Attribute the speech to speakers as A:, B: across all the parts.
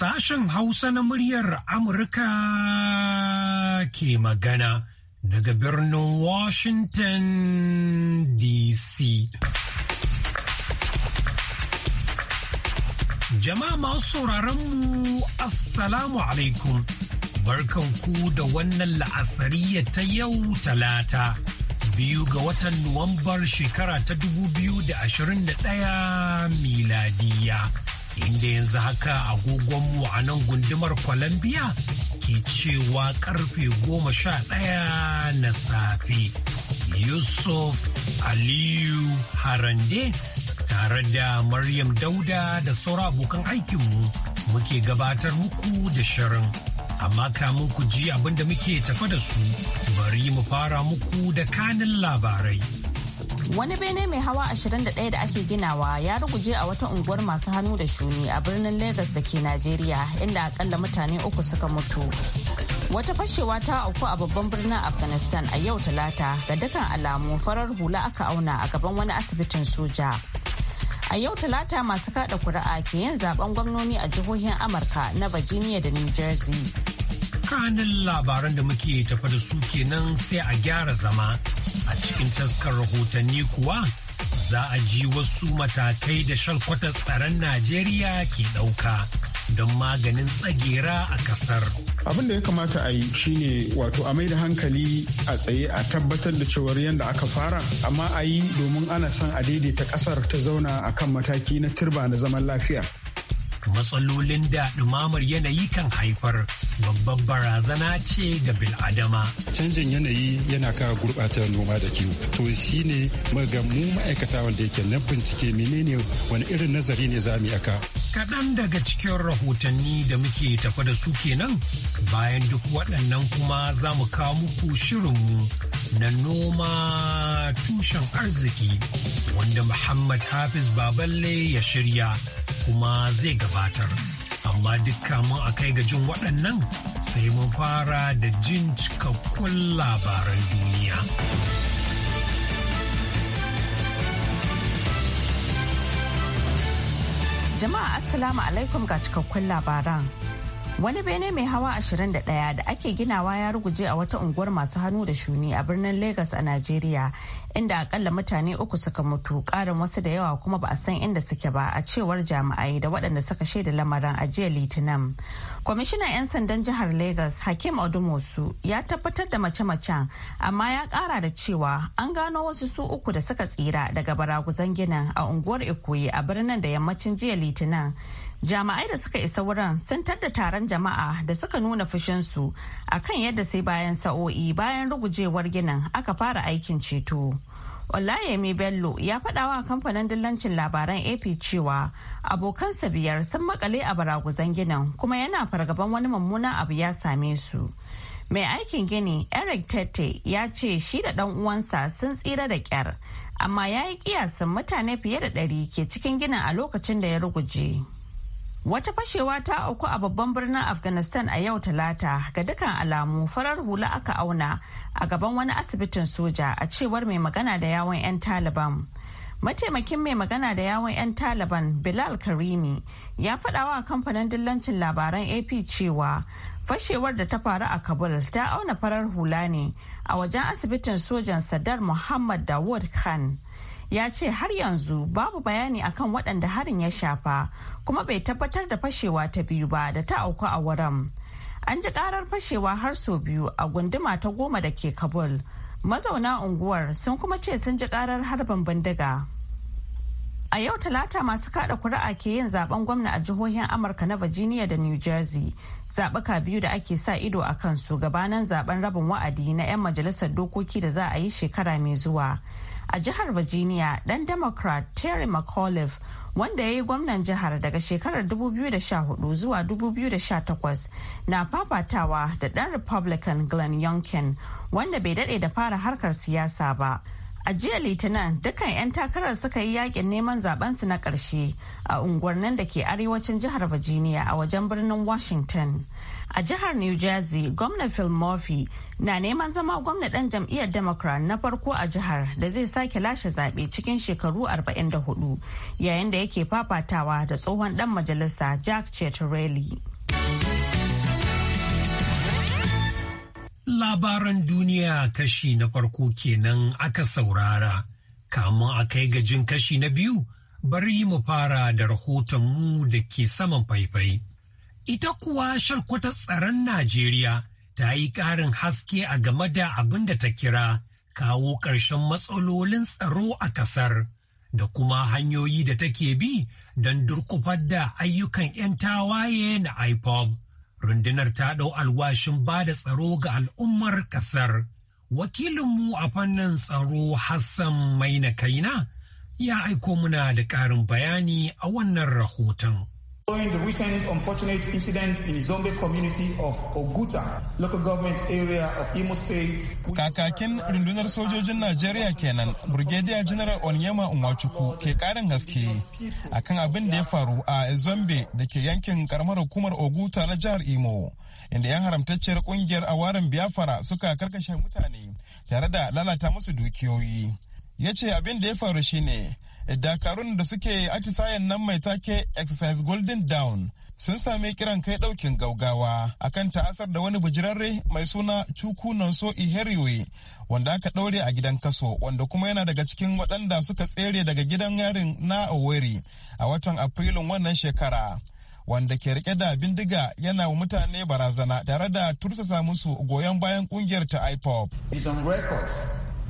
A: Sashen Hausa na muryar Amurka ke magana daga birnin Washington DC. Jama'a masu sauraron mu Assalamu alaikum. ku da wannan la'asariya ta yau talata. biyu ga watan Nuwambar shekara ta 2021 miladiya. inda yanzu haka agogonmu a nan gundumar Colombia ke cewa karfe goma sha ɗaya na safe. Yusuf Aliyu Harande tare da Maryam Dauda da sauran abokan aikinmu muke gabatar muku da shirin. Amma kamun ku ji abin muke tafa da su bari mu fara muku da kanin labarai.
B: Wani bene mai hawa 21 da ake ginawa ya ruguje a wata unguwar masu hannu da shuni a birnin Legas da ke Najeriya inda akalla mutane uku suka mutu. Wata fashewa ta auku a babban birnin Afghanistan a yau talata ga dukkan alamu farar hula aka auna a gaban wani asibitin soja. A yau talata masu kada kuri'a ke yin zaben gwamnoni a jihohin Amurka na Virginia da New Jersey.
A: Kanin labaran da muke tafa da su kenan sai a gyara zama A cikin taskar rahotanni kuwa za a ji wasu matakai da shalkwata tsaron Najeriya ke ɗauka don maganin tsagera a kasar.
C: Abin da ya kamata a yi shine wato a da hankali a tsaye a tabbatar da cewar yadda aka fara amma a yi domin ana son a daidaita kasar ta zauna a kan mataki na turba na zaman lafiya.
A: matsalolin da ɗumamar yanayi kan haifar babbar barazana ce ga bil'adama.
C: Canjin yanayi yana kawo gurɓatar noma da kiwo. To shi ne ga mu ma'aikata wanda yake nan bincike menene wani irin nazari ne za mu yi aka.
A: Kaɗan daga cikin rahotanni da muke tafa da su kenan bayan duk waɗannan kuma za mu kawo muku shirinmu na noma tushen arziki wanda Muhammad Hafiz Baballe ya shirya kuma zai gabatar. Amma dukka mun a kai ga jin waɗannan sai mun fara da jin cikakkun labaran duniya.
B: Jama'a Assalamu alaikum ga cikakkun labaran. Wani bene mai hawa 21 da ake ginawa ya ruguje a wata unguwar masu hannu da shuni a birnin Legas a Najeriya, inda akalla mutane uku suka mutu, karin wasu da yawa kuma ba a san inda suke ba a cewar jami'ai da waɗanda suka shaida lamarin a jiya Litinin. Kwamishinan 'yan sandan jihar Legas Hakim Odumosu ya tabbatar da mace-macen, amma ya ƙara da cewa an gano wasu su uku da suka tsira daga baraguzan ginin a unguwar Ikoyi a birnin da yammacin jiya Litinin. Jama'ai da suka isa wurin sun tadda taron jama'a da suka nuna fushinsu a kan yadda sai bayan sa'o'i bayan rugujewar ginin aka fara aikin ceto. Olayemi Bello ya faɗawa kamfanin dillancin labaran AP cewa abokansa biyar sun makale a baraguzan ginin kuma yana fargaban wani mummunan abu ya same su. mai aikin gini eric tete ya ce shi da dan uwansa sun tsira da kyar amma ya yi kiyasin mutane fiye da ɗari ke cikin ginin a lokacin da ya ruguje. Wata fashewa ta auku a babban birnin Afghanistan a yau talata ga dukkan alamu farar hula aka auna a gaban wani asibitin soja a cewar mai magana da yawon 'yan Taliban. Mataimakin mai magana da yawon 'yan Taliban Bilal Karimi ya faɗawa a kamfanin dillancin labaran AP cewa fashewar da ta faru a Kabul ta auna farar hula ne a wajen asibitin sojan Sadar Muhammad Dawood Khan. ya ce har yanzu babu bayani akan waɗanda harin ya shafa kuma bai tabbatar da fashewa ta biyu ba da ta auku a wurin. An ji karar fashewa har sau biyu a gunduma ta goma da ke Kabul. Mazauna unguwar sun kuma ce sun ji karar harbin bindiga. A yau talata masu kada kuri'a ke yin zaben gwamna a jihohin Amurka na Virginia da New Jersey. Zaɓuka biyu da ake sa ido a kansu gabanin zaben rabin wa'adi na 'yan majalisar dokoki da za a yi shekara mai zuwa. a jihar virginia dan democrat terry mcauliffe wanda ya yi gwamnan jihar daga shekarar 2014 zuwa 2018 na fafatawa da dan republican glenn youngkin wanda bai dade da fara harkar siyasa ba A jiya Litinin dukkan 'yan takarar suka yi yakin neman su na ƙarshe a unguwannin da ke arewacin jihar Virginia a wajen birnin Washington. A jihar New Jersey, gwamna Phil Murphy na neman zama gwamna ɗan jam'iyyar Democrat na farko a jihar da zai sake lashe zaɓe cikin shekaru 44 yayin da yake fafatawa da tsohon ɗan majalisa Jack Chetarelli.
A: Labaran duniya kashi na farko kenan aka saurara, kamun a kai gajin kashi na biyu bari mu fara da rahotonmu da ke saman faifai. Ita kuwa sharkwata tsaron Najeriya ta yi ƙarin haske a game da abin da ta kira kawo ƙarshen matsalolin tsaro a ƙasar da kuma hanyoyi da take bi don durkufar da ayyukan 'yan tawaye na IPOB. rundunar ta ɗau alwashin ba da tsaro ga al'ummar ƙasar. Wakilinmu a fannin tsaro Hassan Maina Kaina ya aiko muna da ƙarin bayani a wannan rahoton.
C: Following the recent unfortunate incident in Zombe community of Oguta,
D: local government area of Imo State. Kakakin rundunar sojojin Najeriya kenan, Brigadier General Onyema Nwachukwu ke karin gaske akan abin da ya faru a Zombe da ke yankin karamar hukumar Oguta na jihar Imo, inda 'yan haramtacciyar kungiyar awarin Biafra suka karkashe mutane tare da lalata musu dukiyoyi. Ya ce abin da ya faru shine dakarun da suke atisayen nan mai take exercise golden down sun sami kiran kai daukin gaugawa akan ta'asar da wani bujirarre mai suna cukunan so iheriwe wanda aka daure a gidan kaso wanda kuma yana daga cikin waɗanda suka tsere daga gidan yarin na oweri a watan afrilun wannan shekara wanda ke rike da bindiga yana wa mutane barazana tare da tursasa musu goyon bayan kungiyar ta ipop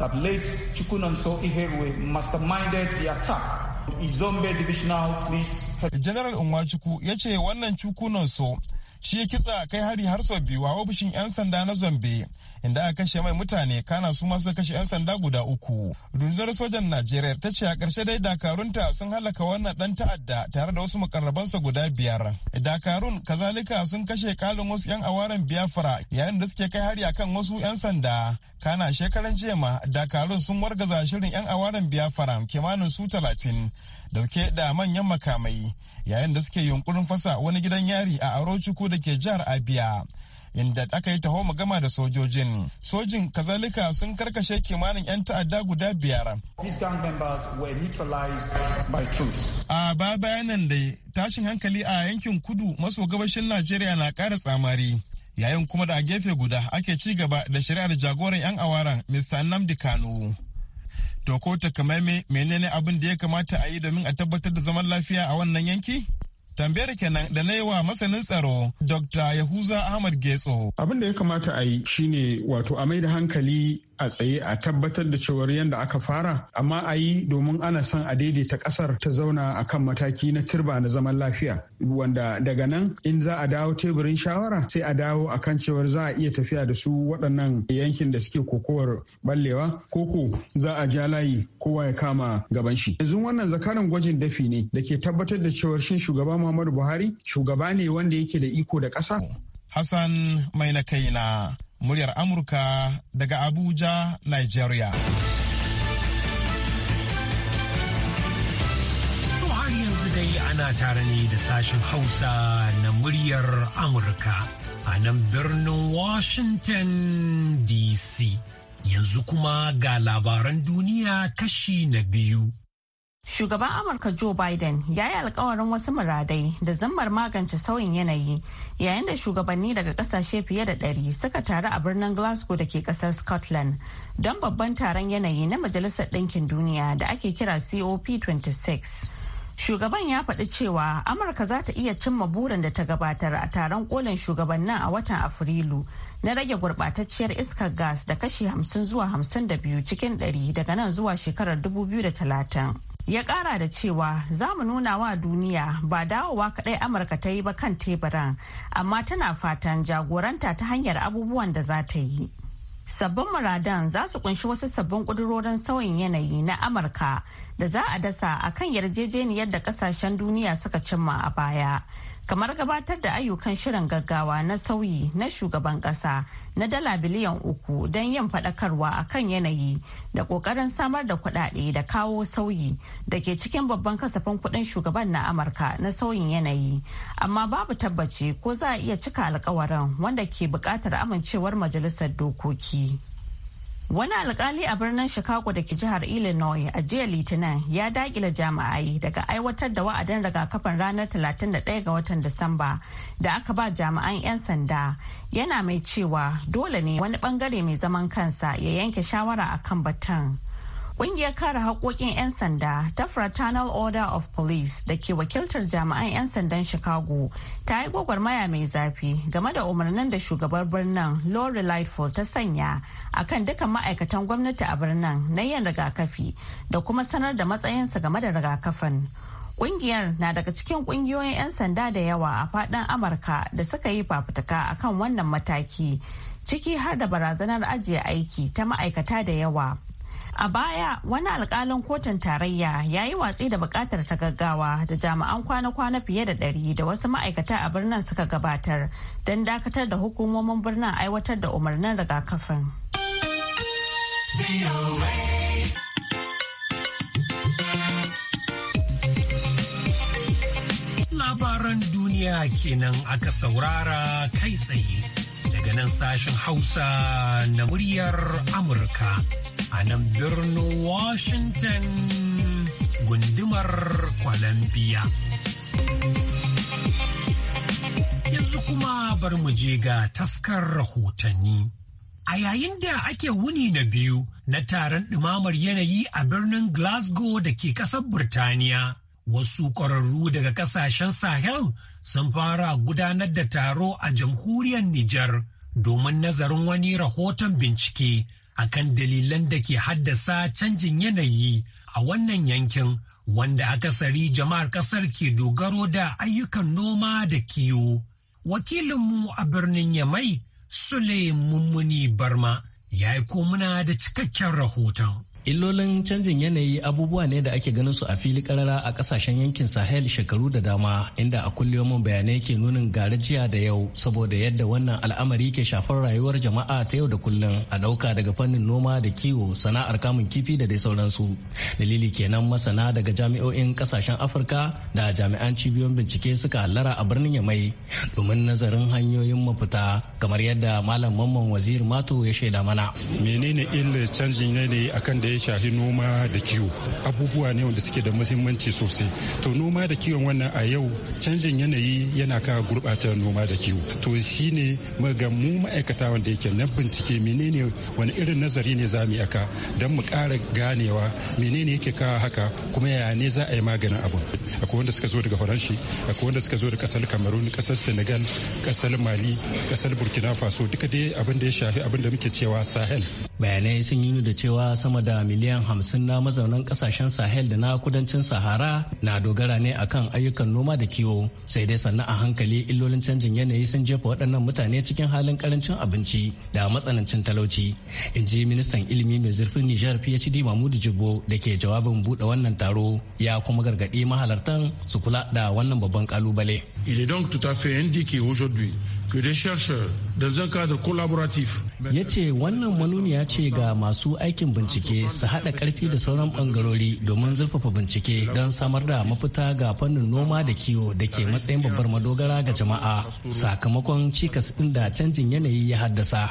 D: that late Chukunanso Iherwe masterminded the attack. Izombe Divisional Police. General Unwachuku ya ce wannan Chukunanso shi ya kitsa kai hari har sau biyu a ofishin 'yan sanda na zombe inda aka kashe mai mutane kana su masu kashe 'yan sanda guda uku rundunar sojan najeriya ta ce a ƙarshe dai dakarunta sun halaka wannan ɗan ta'adda tare da wasu mukarrabansa guda biyar dakarun kazalika sun kashe kalin wasu 'yan awaren biafra yayin da suke kai hari akan wasu 'yan sanda kana shekaran jema dakarun sun wargaza shirin 'yan awaren biafra kimanin su talatin dauke da manyan makamai yayin da suke yunkurin fasa wani gidan yari a arochukwu da ke jihar abia inda aka yi taho magama da sojojin sojin kazalika sun karkashe kimanin 'yan ta'adda guda biyar a ba bayanan da tashin hankali a yankin kudu maso gabashin najeriya na ƙara tsamari yayin kuma da a gefe guda ake ci gaba da shari'ar jagoran 'yan awaran mr nnamdi Kano. to ko takamaime menene abin da ya kamata a yi domin a tabbatar da zaman lafiya a wannan yanki? tambayar kenan da na yi wa masanin tsaro dr yahuza
C: ahmad getso abin da ya kamata a yi shine wato a mai da hankali a tsaye a tabbatar da cewar yadda aka fara amma a yi domin ana son a daidaita kasar ta zauna a kan mataki na turba na zaman lafiya wanda daga nan in za a dawo teburin shawara sai a dawo a kan cewar za a iya tafiya da su waɗannan yankin da suke kokowar ballewa koko za a ja layi kowa ya kama gaban shi yanzu wannan zakaran gwajin dafi ne da ke tabbatar da cewar shin shugaba muhammadu buhari shugaba ne wanda yake da iko da ƙasa
D: hassan mai na kaina muryar Amurka daga Abuja, Nigeria.
A: har yanzu dai ana tare ne da sashen Hausa na muryar Amurka a nan birnin Washington DC. Yanzu kuma ga labaran duniya kashi na biyu.
B: Shugaban Amurka Joe Biden ya yi alkawarin wasu muradai da zammar magance sauyin yanayi yayin da shugabanni daga kasashe fiye da ɗari suka taru a birnin Glasgow da ke ƙasar Scotland don babban taron yanayi na Majalisar Ɗinkin Duniya da ake kira COP26. Shugaban ya faɗi cewa Amurka za ta iya cimma burin da ta gabatar a taron kolin shugabannin a watan Afrilu na rage gurɓatacciyar iskar gas da kashi 50 zuwa 52 cikin 100 daga nan zuwa shekarar 2030. ya kara da cewa za mu nuna wa duniya ba dawowa kadai amurka ta yi ba kan teburan amma tana fatan jagoranta ta hanyar abubuwan da za ta yi sabbin muradan za su kunshi wasu sabbin kudurorin sauyin yanayi na amurka da za a dasa a kan yarjejeniyar da kasashen duniya suka cimma a baya kamar gabatar da ayyukan shirin gaggawa na sauyi na shugaban kasa na dala biliyan uku don yin faɗakarwa a kan yanayi da ƙoƙarin samar da kuɗaɗe da kawo sauyi da ke cikin babban kasafin kuɗin shugaban na amurka na sauyin yanayi amma babu tabbaci ko za a iya cika alkawarin wanda ke buƙatar amincewar majalisar dokoki. Wani alkali a birnin Chicago da ke jihar Illinois a jiya Litinin ya dakila jami'ai daga aiwatar da wa'adin rigakafin ranar 31 ga watan Disamba da aka ba jami'an 'yan sanda yana mai cewa dole ne wani bangare mai zaman kansa ya yanke shawara akan batun. Ƙungiyar kare haƙoƙin 'yan sanda ta Fraternal Order of Police da ke wakiltar jami'an 'yan sandan Chicago ta yi gwagwarmaya mai zafi game da umarnin da shugabar birnin Lori Lightfoot ta sanya a kan dukkan ma'aikatan gwamnati a birnin na yin rigakafi da kuma sanar da matsayinsa game da rigakafin. Ƙungiyar na daga cikin ƙungiyoyin 'yan sanda da yawa a faɗin Amurka da suka yi fafutuka akan wannan mataki, ciki har da barazanar ajiye aiki ta ma'aikata da yawa. A baya wani alkalin kotun tarayya ya yi watsi da bukatar ta gaggawa da jami'an kwana-kwana fiye da ɗari da wasu ma'aikata a birnin suka gabatar don dakatar da hukumomin birnin aiwatar da umarnin rigakafin.
A: Labaran duniya kenan aka saurara kai tsaye daga nan sashen Hausa na muryar Amurka. a nan birnin Washington gundumar Columbia. Yanzu kuma bar mu je ga taskar rahotanni. A yayin da ake wuni na biyu na taron ɗumamar yanayi a birnin Glasgow da ke ƙasar Burtaniya, wasu ƙwararru daga ƙasashen Sahel sun fara gudanar da taro a jamhuriyar Nijar domin nazarin wani rahoton bincike akan dalilan da ke haddasa canjin yanayi a wannan yankin wanda akasari jama'ar kasar ke dogaro da ayyukan noma da kiwo. Wakilinmu a birnin Yamai, Sule Mummuni Barma, ya yi komuna da cikakken rahoton.
E: Illolin canjin yanayi abubuwa ne da ake ganin su a fili karara a kasashen yankin Sahel shekaru da dama inda a kulliyomin bayanai ke nunin garajiya da yau saboda yadda wannan al'amari ke shafar rayuwar jama'a ta yau da kullun a dauka daga fannin noma da kiwo sana'ar kamun kifi da dai sauransu. Dalili kenan masana daga jami'o'in kasashen Afirka da jami'an cibiyoyin bincike suka hallara a birnin Yamai domin nazarin hanyoyin mafita kamar yadda Malam Mamman Wazir Mato ya shaida mana.
C: Menene illar canjin yanayi akan da ya shahi noma da kiwo abubuwa ne wanda suke da muhimmanci sosai to noma da kiwon wannan a yau canjin yanayi yana ka gurɓata noma da kiwo to shine ga mu ma'aikata wanda yake na bincike menene wani irin nazari ne za mu yi aka don mu ƙara ganewa menene yake kawo haka kuma yaya ne za a yi maganin abun akwai wanda suka zo daga faranshi akwai wanda suka zo daga kasar kamarun kasar senegal kasar mali kasar burkina faso duka dai abin da ya shafi abin da muke cewa sahel
E: bayanai sun yi da cewa sama da miliyan hamsin na mazaunan kasashen sahel da na kudancin sahara na dogara ne akan ayyukan noma da kiwo sai dai sannan a hankali illolin canjin yanayi sun jefa waɗannan mutane cikin halin karancin abinci da matsanancin talauci in ji ministan ilimi mai zurfin nijar phd mahmudu jibo da ke jawabin buɗe wannan taro ya kuma gargaɗi mahalartan su kula da wannan babban kalubale. Il est donc tout à fait indiqué aujourd'hui ya ce wannan manuniya ce ga masu aikin bincike su haɗa karfi da sauran bangarori domin zurfafa bincike don samar da mafita ga fannin noma da kiwo da ke matsayin babbar madogara ga jama'a sakamakon cikas ɗin da canjin yanayi ya haddasa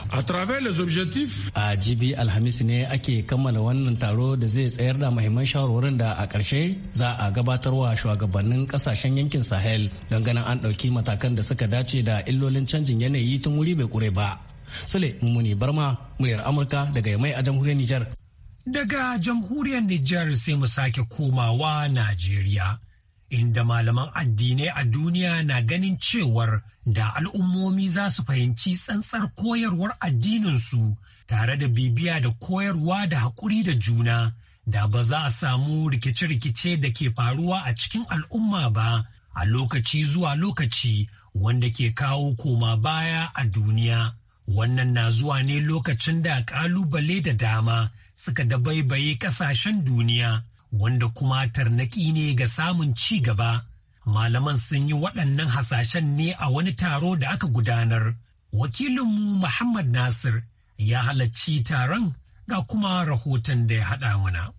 E: a jibi alhamis ne ake kammala wannan taro da zai tsayar da mahimman shawarwarin da a ƙarshe za a gabatarwa shugabannin ƙasashen yankin sahel don ganin an ɗauki matakan da suka dace da illolin canjin yanayi tun wuri bai kure ba. Sule Mummuni Barma, muryar Amurka daga Yamai a jamhuriyar Nijar.
A: Daga jamhuriyar Nijar sai mu sake komawa Najeriya, inda malaman addinai a duniya na ganin cewar da al'ummomi za su fahimci tsantsar koyarwar addininsu tare da bibiya da koyarwa da haƙuri da juna, da ba za a samu rikice-rikice da ke faruwa a cikin al'umma ba a lokaci zuwa lokaci wanda ke kawo koma baya a duniya. Wannan na zuwa ne lokacin da ƙalubale da dama suka dabaibaye ƙasashen duniya wanda kuma tarnaki ne ga samun ci gaba. Malaman sun yi waɗannan hasashen ne a wani taro da aka gudanar. Wakilinmu Muhammad Nasir ya halarci taron ga kuma rahoton da ya haɗa mana.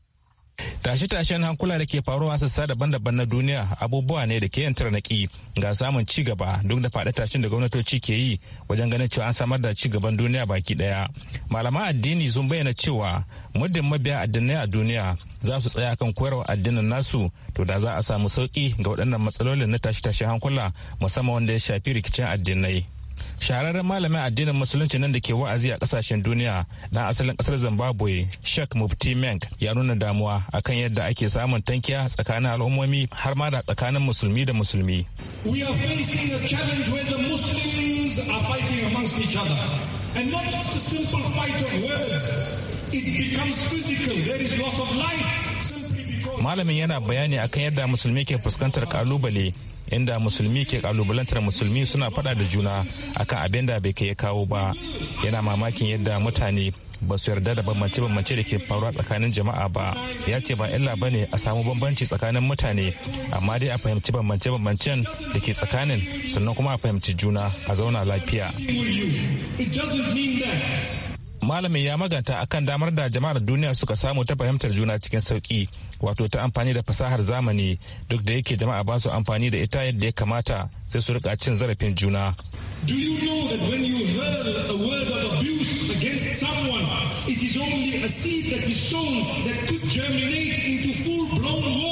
F: tashe-tashen hankula da ke faruwa sassa daban-daban na duniya abubuwa ne da ke yin tarnaki ga samun ci gaba duk da faɗi tashin da gwamnatoci ke yi wajen ganin cewa an samar da ci gaban duniya baki ɗaya malaman addini sun bayyana cewa muddin mabiya addinai a duniya za su tsaya kan koyarwa addinin nasu to da za a samu sauki ga waɗannan matsalolin na tashe-tashen hankula musamman wanda ya shafi rikicin addinai shahararren malamin addinin musulunci nan da ke wa'azi a kasashen duniya na asalin kasar zimbabwe sheikh mufti menk ya nuna damuwa akan yadda ake samun tankiya tsakanin al'ummomi har ma da tsakanin musulmi da musulmi
A: we are facing a challenge where the simple fight it becomes physical
G: there is loss of life
F: malamin yana bayani akan yadda musulmi ke fuskantar kalubale inda musulmi ke kalubalantar musulmi suna fada da juna akan abin da bai kai kawo ba yana mamakin yadda mutane ba su yarda da bambance-bambance da ke faruwa tsakanin jama'a ba ya ce ba illa ba ne a samu bambanci tsakanin mutane amma dai a fahimci bambance-bambancen da ke tsakanin sannan kuma a fahimci juna a zauna lafiya. malamin ya maganta akan damar da jama'ar duniya suka samu ta fahimtar juna cikin sauki wato ta amfani da fasahar zamani duk da yake jama'a ba su amfani da ita yadda ya kamata sai su rika cin zarafin juna
A: Do you know a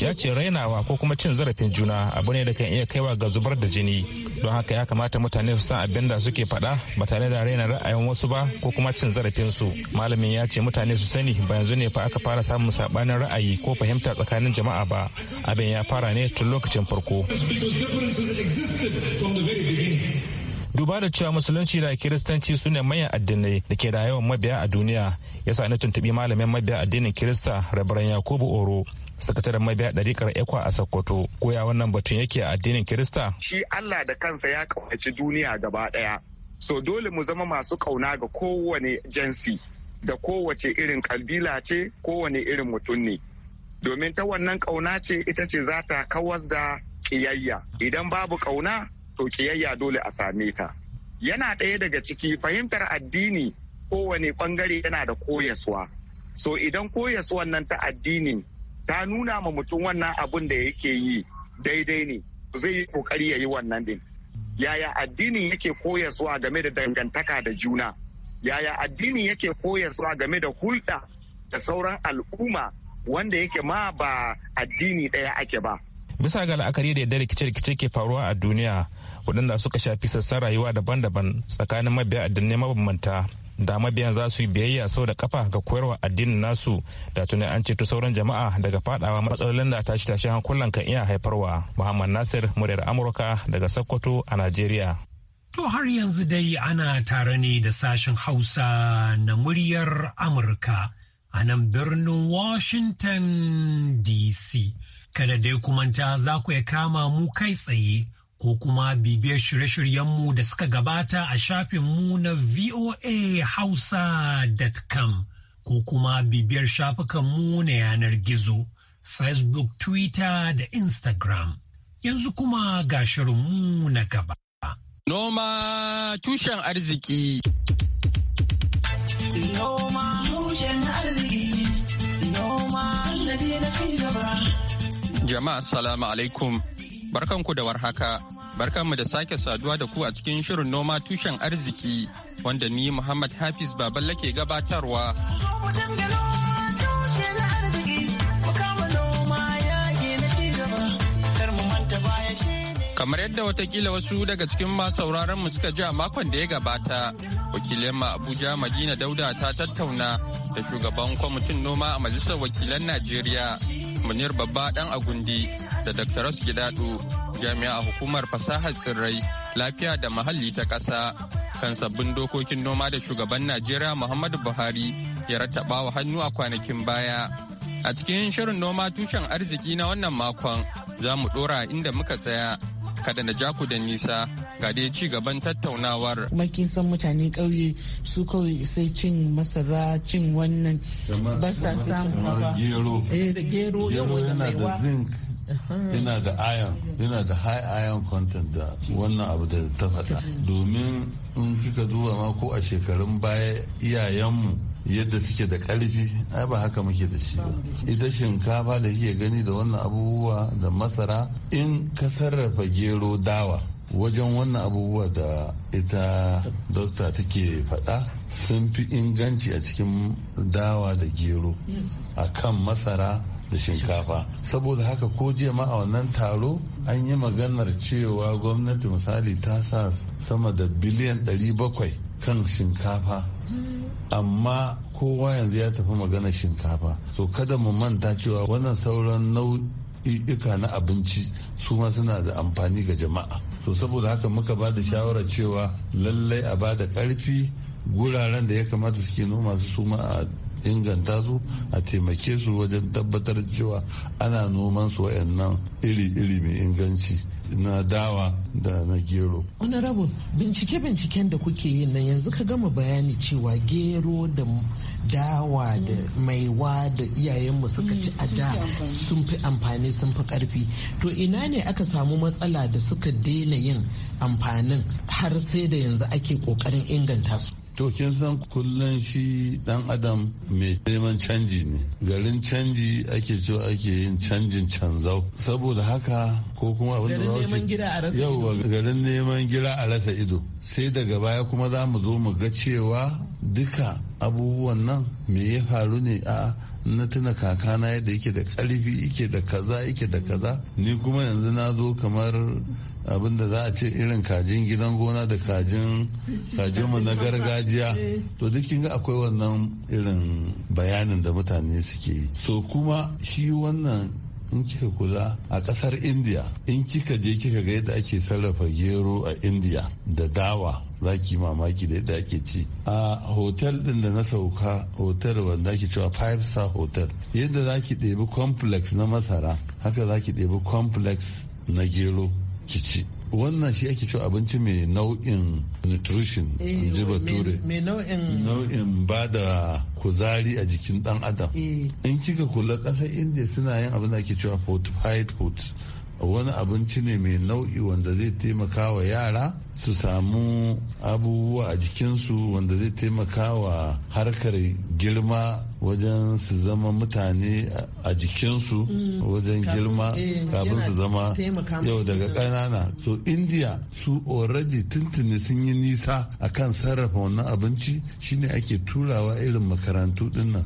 F: ya ce rainawa ko kuma cin zarafin juna abu ne da kan iya kaiwa ga zubar da jini don haka ya kamata mutane su san abin da suke faɗa ba tare da raina ra'ayin wasu ba ko kuma cin zarafin su malamin ya ce mutane su sani ba yanzu ne fa aka fara samun sabanin ra'ayi ko fahimta tsakanin jama'a ba abin ya fara ne tun lokacin farko duba da cewa musulunci da kiristanci su ne manyan addinai da ke da yawan mabiya a duniya ya sa na tuntuɓi malamin mabiya addinin kirista rabaran yakubu oro sakataren mabiya ɗarikar ekwa a sokoto koya wannan batun yake a addinin kirista
C: shi allah da kansa ya kaunaci duniya gaba ɗaya so dole mu zama masu kauna ga kowane jinsi da kowace irin kalbila ce kowane irin mutum ne domin ta wannan kauna ce ita ce za ta kawar da ƙiyayya, idan babu ƙauna to ƙiyayya dole a same ta yana ɗaya daga ciki fahimtar addini kowane ɓangare yana da koyaswa so idan koyaswan nan ta addinin. ta nuna ma mutum wannan abun da yake yi daidai ne zai yi kokari ya yi wannan din yaya addini yake koyarwa game da dangantaka da juna yaya addini yake koyarwa game da hulɗa da sauran al'umma wanda yake ma ba addini ɗaya ake ba
F: bisa ga la'akari da yadda rikice-rikice ke faruwa a duniya waɗanda suka shafi sassan rayuwa daban-daban tsakanin mabiya addinai mabambanta da mabiyan za su yi biyayya sau da kafa ga koyarwa addinin nasu da tuni an ceto sauran jama'a daga fadawa matsalolin da tashi tashi hankulan kan iya haifarwa muhammad nasir muryar amurka daga sokoto a najeriya
A: to har yanzu dai ana tare ne da sashen hausa na muryar amurka a nan birnin washington dc kada dai kumanta za ku ya kama mu kai tsaye ko kuma bibiyar shirye-shiryenmu da suka gabata a shafinmu na voahausa.com ko kuma bibiyar shafukanmu na yanar gizo facebook twitter da instagram yanzu kuma ga shirinmu na gaba noma
H: tushen arziki noma tushen
E: arziki noma na gaba
H: jama'a salamu alaikum barkanku da warhaka. Barkanmu da sake saduwa da ku a cikin shirin noma tushen arziki wanda ni Muhammad Hafiz Baballe ke gabatarwa. Kamar yadda watakila wasu daga cikin sauraron mu suka ji a makon da ya gabata, wakilin ma Abuja Madina Dauda ta tattauna da shugaban kwamitin noma a Majalisar Wakilan Najeriya, Munir Babba Dan Agundi. da Dr. Gidadu jami'a a hukumar fasahar tsirrai lafiya da muhalli ta ƙasa kan sabbin dokokin noma da shugaban Najeriya Muhammadu Buhari ya rattaba wa hannu a kwanakin baya. A cikin shirin noma tushen arziki na wannan makon za mu ɗora inda muka tsaya kada na ja ku da nisa ga dai ci gaban tattaunawar. Kuma
I: san mutane ƙauye su kawai sai cin masara cin wannan ba sa samu
G: Gero. Eh, yana da yana da iron yana da high iron content da wannan abu da ta faɗa domin in kika duba ma ko a shekarun baya iyayenmu yadda suke da karfi ai ba haka muke da shi ba ita shinkafa da ke gani da wannan abubuwa da masara in ka sarrafa gero dawa wajen wannan abubuwa da ita dokta take faɗa sun fi inganci a cikin dawa da gero a kan masara da shinkafa saboda haka ko jiya ma a wannan taro an yi maganar cewa gwamnati misali ta sa sama da biliyan 700 kan shinkafa amma kowa yanzu ya tafi magana shinkafa to kada mu manta cewa wannan sauran nau'ika na abinci su ma suna da amfani ga jama'a to saboda haka muka ba da shawarar cewa lallai a ba da karfi guraren da ya kamata suke noma su suma a inganta su a taimake su wajen tabbatar cewa ana noman su wayannan iri-iri mai inganci na dawa da na gero.
I: wani rabu bincike-binciken da kuke yi na yanzu ka gama bayani cewa gero da dawa da maiwa da iyayenmu suka ci a da sun fi amfani sun fi karfi to ina ne aka samu matsala da suka daina yin amfanin har sai da yanzu ake kokarin inganta su
G: To kin san kullum shi dan adam mai neman canji ne. Garin canji ake cewa ake yin canjin canzau. Saboda haka ko kuma abin da neman gida a rasa ido. garin neman gida a rasa ido. Sai daga baya kuma za mu zo mu ga cewa duka abubuwan nan me ya faru ne a na tuna kakana yadda yake da karfi yake da kaza yake da kaza ni kuma yanzu na zo kamar abinda za a ce irin kajin gidan gona da kajin mu na gargajiya to duk ga akwai wannan irin bayanin da mutane suke yi so kuma shi wannan in kika kula a kasar india in kika je kika ga yadda ake sarrafa gero a india da dawa za ki mamaki da yadda ake ci a hotel din da na sauka hotel wanda ake cewa five star hotel yadda za ki ɗebi complex na masara haka za ki ɗebi complex na gero ki wannan shi ake cewa abinci mai nau'in nutrition eh, in ji bature nau'in ba da kuzari a jikin dan adam eh. in kika kula kasar india suna yin abin da ake cewa fortified food wani abinci ne mai nau'i wanda zai taimaka wa yara su samu abubuwa a jikinsu wanda zai taimaka wa harkar girma wajen su zama mutane a jikinsu mm. wajen girma eh, kafin su zama yau daga ƙanana so india su already tuntuni sun yi nisa a kan sarrafa wannan abinci shine ake turawa irin makarantu dinnan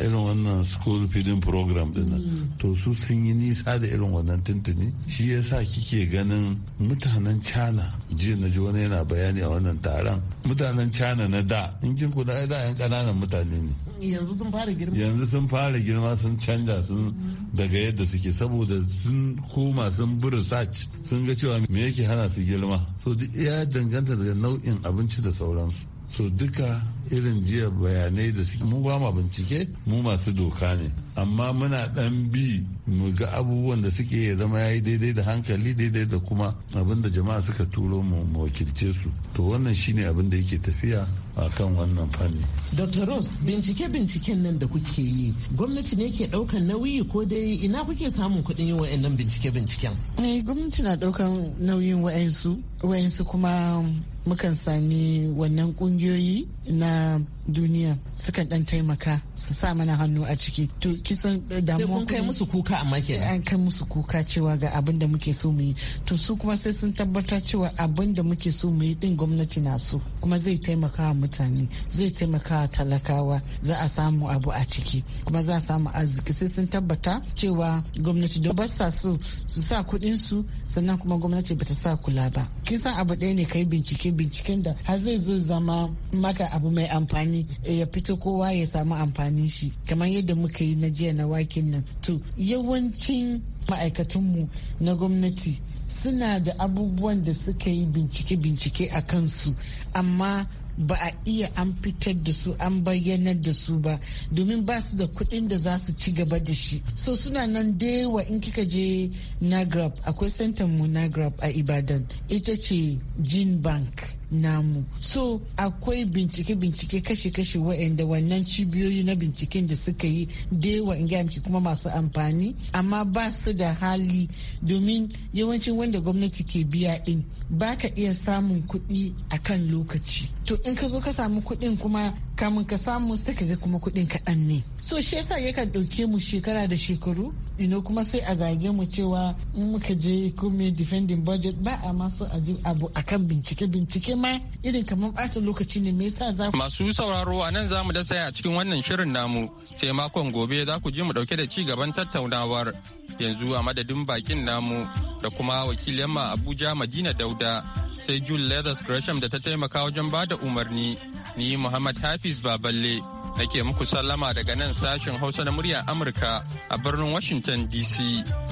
G: irin wannan school feeding program dinnan mm. to su sun yi nisa da irin wannan tuntuni shi yasa kike ganin mutanen china jiya na ji wani yana bayani a wannan taron mutanen china na da in kin ku da da yan kananan mutane ne
I: yanzu sun fara girma
G: yanzu sun fara girma sun canja sun daga yadda suke saboda sun koma sun bi research sun ga cewa me yake hana su girma so duk ya danganta daga nau'in abinci da sauransu so duka irin jiya bayanai da suke mu ba ma bincike mu masu doka ne amma muna dan bi mu ga abubuwan da suke ya zama yayi daidai da hankali daidai da kuma abin da jama'a suka turo mu wakilce su to wannan shine abin da yake tafiya a kan wannan fanni.
I: Dr. Ross, bincike-binciken nan da kuke yi, gwamnati ne ke ɗaukan nauyi ko dai ina kuke samun kuɗin yin wa'annan bincike-binciken? Eh, gwamnati na ɗaukan nauyin wa'ansu, wa'ansu kuma mukan sami wannan kungiyoyi na duniya sukan dan taimaka su sa mana hannu a ciki to kisan eh, damuwa kai musu kuka amma ke an kai musu kuka cewa ga abin da muke so mu yi to su kuma sai sun tabbata cewa abin da muke so mu yi din gwamnati na so kuma zai taimaka wa mutane zai taimaka wa talakawa za a samu abu a ciki kuma za a samu arziki sai sun tabbata cewa gwamnati don ba sa so su sa kuɗin su sannan kuma gwamnati bata sa kula ba kisan abu ɗaya ne kai bincike binciken da har zai zo zama maka abu mai amfani eh, ya fito kowa ya samu amfanin shi kamar yadda muka yi na jiya na wakin nan to yawancin ma'aikatanmu na gwamnati suna da abubuwan da suka yi bincike-bincike a kansu amma ba a iya an fitar da su an bayyanar da su ba domin ba su da kuɗin da za su ci gaba da shi so suna nan dewa in kika je nagrab akwai santan mu nagrab a ibadan ita ce gene bank namu so akwai bincike-bincike kashe-kashe wa'anda wannan cibiyoyi na binciken da suka yi dewa in gami kuma masu amfani amma ba su da hali domin yawancin wanda gwamnati ke biya din ba ka iya samun kuɗi a kan lokaci to in ka zo ka samu kuɗin kuma kamun ka samu sai ka ga kuma kuɗin kaɗan ne so shi yasa yakan ɗauke mu shekara da shekaru ino kuma sai a zage mu cewa in muka je kome defending budget ba a masu abu akan bincike bincike ma irin kamar ɓata lokaci ne me yasa za masu
H: sauraro a nan zamu da saya a cikin wannan shirin namu sai makon gobe za ku ji mu dauke da ci gaban tattaunawar yanzu a madadin bakin namu da kuma wakilin ma Abuja Madina Dauda sai Jule Leathers Gresham da ta taimaka wajen bada umarni ni Muhammad Hafiz Baballe nake muku sallama daga nan sashen Hausa na muryar Amurka a birnin Washington DC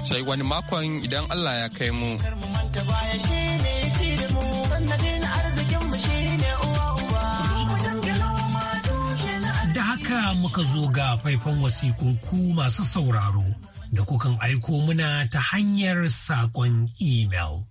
H: sai wani makon idan Allah ya kai mu.
A: Da haka muka zo ga faifan wasikunku masu sauraro da kukan aiko muna ta hanyar saƙon imel.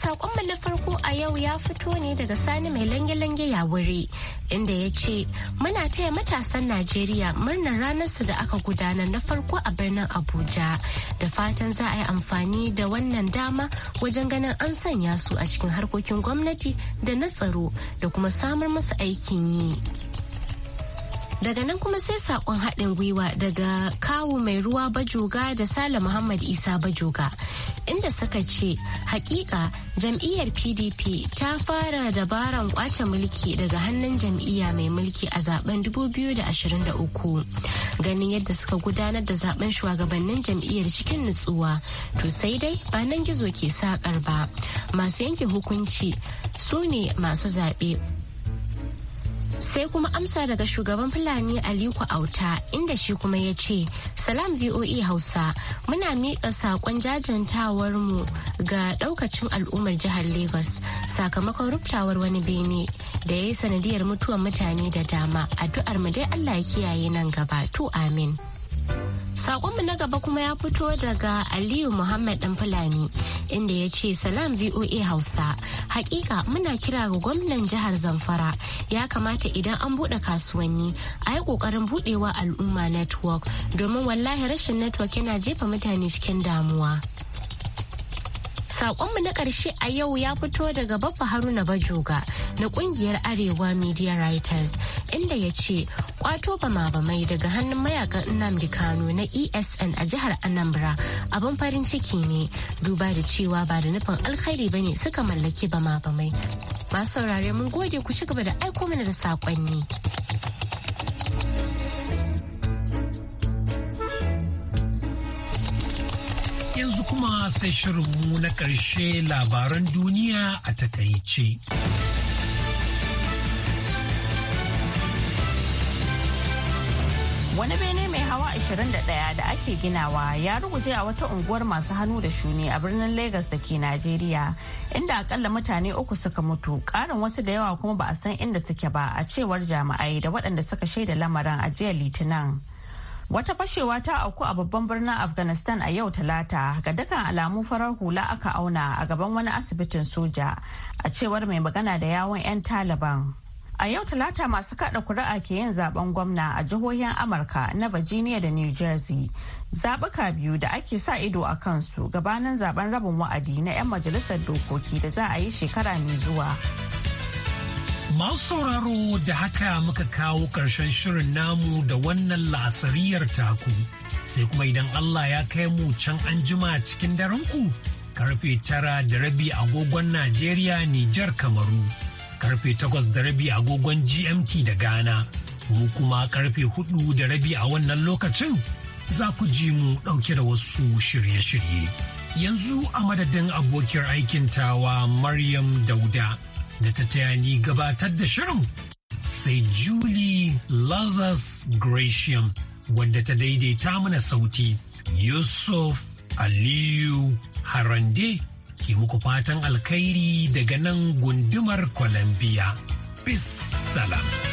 J: saƙonmu na farko a yau ya fito ne daga sani mai lange-lange ya wuri inda ya ce muna taya matasan Najeriya murnar ranarsu da aka gudanar na farko a birnin Abuja da fatan za a yi amfani da wannan dama wajen ganin an sanya su a cikin harkokin gwamnati da na tsaro da kuma samar masu aikin yi. daga nan kuma sai sakon haɗin gwiwa daga kawu mai ruwa bajoga da sale muhammad isa bajoga inda suka ce hakika jam'iyyar pdp ta fara dabaran kwace mulki daga hannun jam'iyya mai mulki a zaben 2023 ganin yadda suka gudanar da zaben shugabannin jam'iyyar cikin nutsuwa to sai dai ba nan gizo ke sakar ba masu yanke hukunci su ne masu zaɓe sai kuma amsa daga shugaban fulani aliko auta inda shi kuma ya ce salam VOE hausa muna miƙa saƙon jajantawar mu ga ɗaukacin al'ummar jihar lagos sakamakon ruptawar wani bene da ya yi sanadiyar mutuwar mutane da dama addu'ar mu dai allah ya kiyaye nan gaba to amin Sakonmu na gaba kuma ya fito daga Aliyu Muhammad ɗan Fulani inda ya ce salam VOA Hausa. Hakika muna kira ga gwamnan jihar Zamfara ya kamata idan an buɗe kasuwanni a yi kokarin budewa al'umma network domin wallahi rashin network yana jefa mutane cikin damuwa. Sakonmu na ƙarshe a yau ya fito daga Baffa Haruna Bajoga na ƙungiyar Arewa Media Writers inda ya ce kwato bama-bamai daga hannun mayakan Nnamdi Kano na ESN a jihar Anambra abin farin ciki ne duba da cewa ba da nufin alkhairi ba ne suka mallaki bama-bamai. Masu saurare mun gode ku ci gaba da aiko mana da saƙonni.
A: kuma sai shirinmu na ƙarshe labaran duniya a takaice.
B: Wani bene mai hawa 21 da ake ginawa ya ruguje a wata unguwar masu hannu da shuni a birnin Legas da ke Najeriya, inda akalla mutane uku suka mutu, ƙarin wasu da yawa kuma ba a san inda suke ba a cewar jami'ai da waɗanda suka shaida lamarin a jiya Litinin. Wata fashewa ta auku a babban birnin Afghanistan a yau talata ga dukkan alamun farar hula aka auna a gaban wani asibitin soja a cewar mai magana da yawon 'yan Taliban. A yau talata masu kada kuri'a ke yin zaben gwamna a jihohin Amurka na Virginia da New Jersey. Zabuka biyu da ake sa ido a kansu gabanin zaben rabin wa'adi na 'yan majalisar dokoki da za a yi shekara mai zuwa.
A: Masu sauraro da haka muka kawo ƙarshen shirin namu da wannan la'asariyar taku. Sai kuma idan Allah ya kai mu can anjima jima cikin darinku. karfe tara da rabi agogon Najeriya Nijar Kamaru, karfe takwas da rabi agogon GMT da Ghana, mu kuma karfe hudu da rabi a wannan lokacin za ku ji mu ɗauke da wasu shirye-shirye. Yanzu a madadin abokiyar aikin tawa Maryam Dauda. da ta tayani gabatar da shirin sai Julie Lazarus Gratiam wanda ta daidaita mana sauti Yusuf Aliyu Harande ke muku fatan alkhairi daga nan gundumar Columbia. Peace salam.